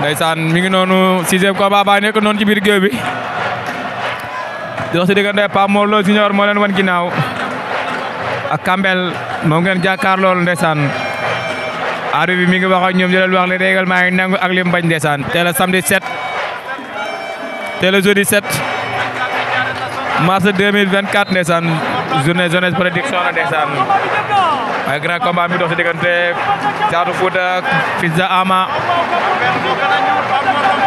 ndeysaan mi ngi noonu sixième combat baa nekk noonu ci biir géew bi di dox si diggante Pape Mor Lo Junior moo leen wan ginnaaw a Kambel moom ngeen jàkkaar lool ndeysaan aadu bi mi ngi wax ak ñoom di leen wax li régal ngi nangu ak li mu bañ ndeysaan tey la samedi 7 tey la jeudi 7 mars 2024 journée jeunesse production la ndeysaan waaye grand combat bi dox ci diggante Thiatou Fouta ak Fils Ama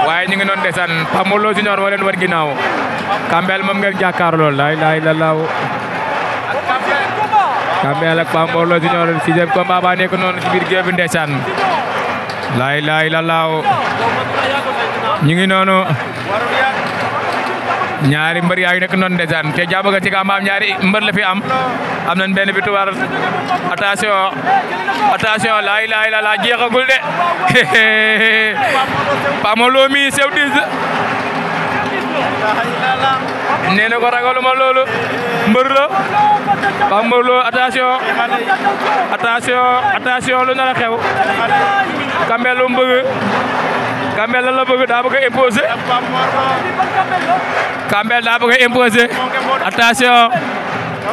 waaye ñu ngi noonu ndeysaan Pape Mor Lo Junior moo leen war ginnaaw Kambel moom noonu ci biir géew bi ndeysaan laay ñu ngi noonu ñaari mbër yaa ngi nekk noonu ndeysaan te jàmm nga ci ka ñaari mbër la fi am am nañ benn victoire attention attention laay laay la laa jeexagul de Pamalo mi chef dis nee na ko ragaluma loolu mbër la Pamalo attention attention attention lu nar xew Kambel lu mu bëgg la la bëgg daa bëgg imposer Kambel daa bëgg a imposer attention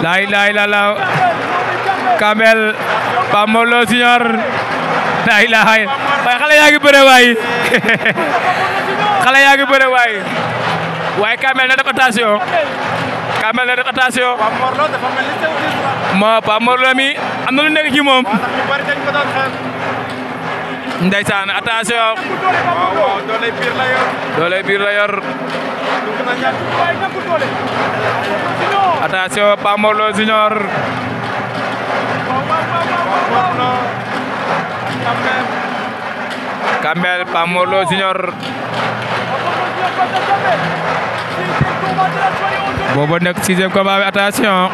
laay laay la la Kambel Pape Mor Lo Senior laay laay waaye waaye Kambel na def attention Kambel na def lu nekk ci moom ndeysaan attention doolay biir la attention Pape Mor Lo Junior Kambel Pape Mor Lo Junior boobu nekk sixième combat bi attention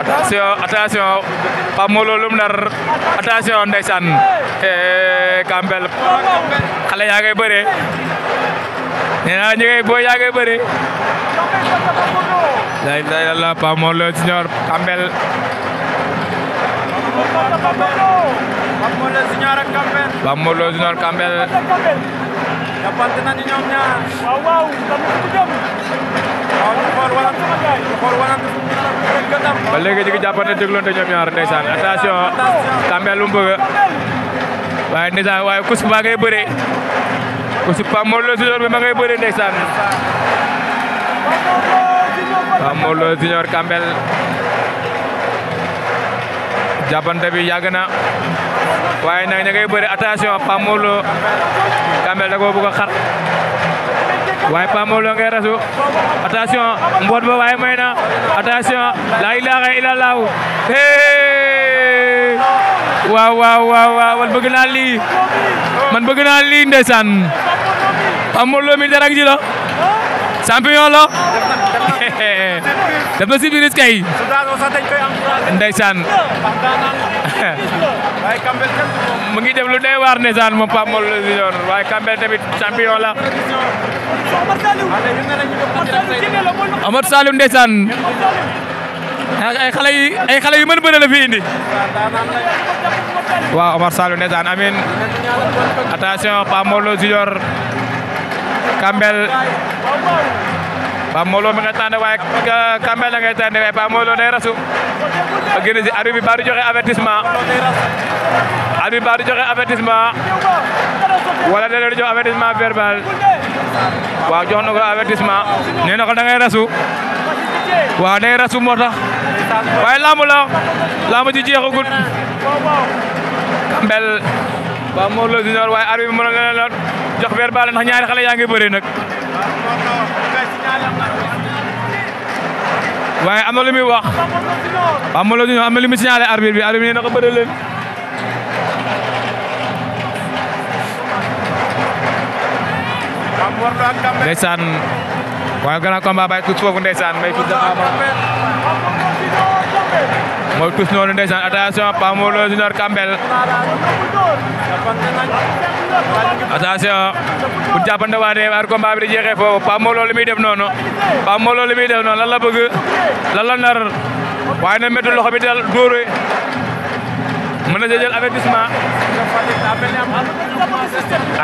attention attention Pape Mor Lo eh, yaa ngay bëre nee naa ñu ngi boo yaa ngi bëri. day day la Pa Mor Lo Junior Kambel. Pa Mor Lo Junior Kambel. jàppante nañu ñoom ñaar. waaw waaw. ba léegi ñu ngi jàppante dégloonte ñoom ñaar ndeysaan attention Kambel lu mu bëgg waaye ndeysaan waaye kus baa ngay bëree. aussi Pape Mor Lo Junior bi ma ngay bëre ndeysaan Pape Mor Lo Junior Kambel jàppante bi yàgg na waaye nag ña ngay bëre attention Pape Mor Lo Kambel da koo bëgg xar waaye Pape Mor Lo ngay rasu attention mboot ba waaye may na attention laa ilaaha illallah waaw waaw waaw man bëgg naa lii man bëgg naa lii ndeysaan amul loo mi darang ji la champion la def na si biir kay ndeysaan mu ngi def lu doy waar ndeysaan moom Pape Mor Lo Junior waaye Kambel tamit champion la Amadou Saliou ndeysaan ay xale yi ay xale yu mën bëre la fi indi waaw Omar Sall ndeysaan amin attention Pape Molo Junior Kambel Pape Molo mi nga waaye euh, Kambel la ngay tànn waaye Pape Molo day rasu a génn si arbitre bi joxe avertissement arbitre joxe avertissement wala da leen jox avertissement jox na ko avertissement nee na ko da ngay rasu waaw day rasu moo tax waaye lamb la lamb ji jeexagul Kambel waaw Mor Lo junior waaye arbitre bi mën na leen jox verbal ndax ñaari xale yaa ngi bëri waaye am na lu muy wax waaw Mor Lo junior am na lu muy signalé arbitre bi arbitre bi nee na ko bëri leen. mooy tus noonu ndeysaan attention Pa Modou Lo Junior Kambel attention bu jàppante waa dee war di jeexee foofu Pa Modou Lo li def noonu Pa Modou Lo li def noonu lan bëgg lan la waaye na méttu loxo bi dal dóore mën na jël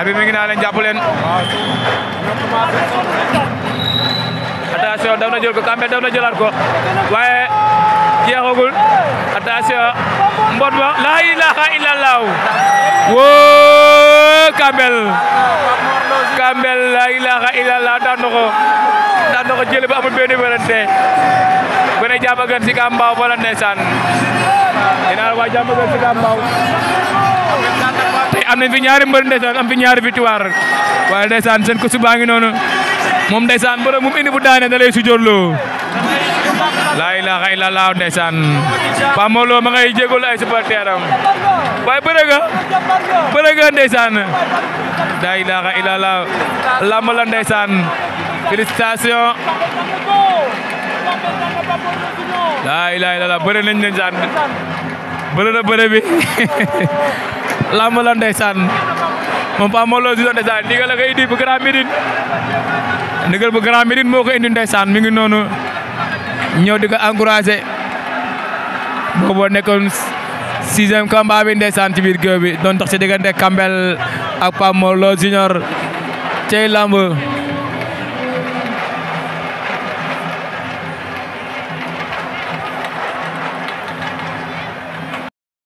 abi mi naa leen jàpp leen attention daw na jël ko Kambel daw na jëlaat ko jeexagul attention mbot ba laa ilaha illallah woo Kambel Kambel laa ilaha illallah daan na ba amul benn werante bene jàmbagan si Kambaaw bala ndeysaan dina waa jàmbagan si Kambaaw tey am nañ fi ñaari mbër ndeysaan am fi ñaari victoire waaye ndeysaan seen ko ngi noonu moom ndeysaan mbërë mum indi bu daane da lay sujjóorloo laa ilaaha illallaah ndeysaan Pape Mor Lo ma ngay jégalu ay supporter am waaye bëre nga bëre nga ndeysaan laa ilaaha illallaah lamb la ndeysaan laa ilaaha illallaah bëre nañ ndeysaan bëre na bëre bi lamb la si doon ndeysaan ndigal la koy bu Grand Médine bu Grand Médine moo ko indi mi ngi noonu ñëw di ko encouragé boobu nekkoon sixième combat bi ndeysaan ci biir géew bi doon tax ci diggante Kambel ak Pape Mor Lo Junior cey lamb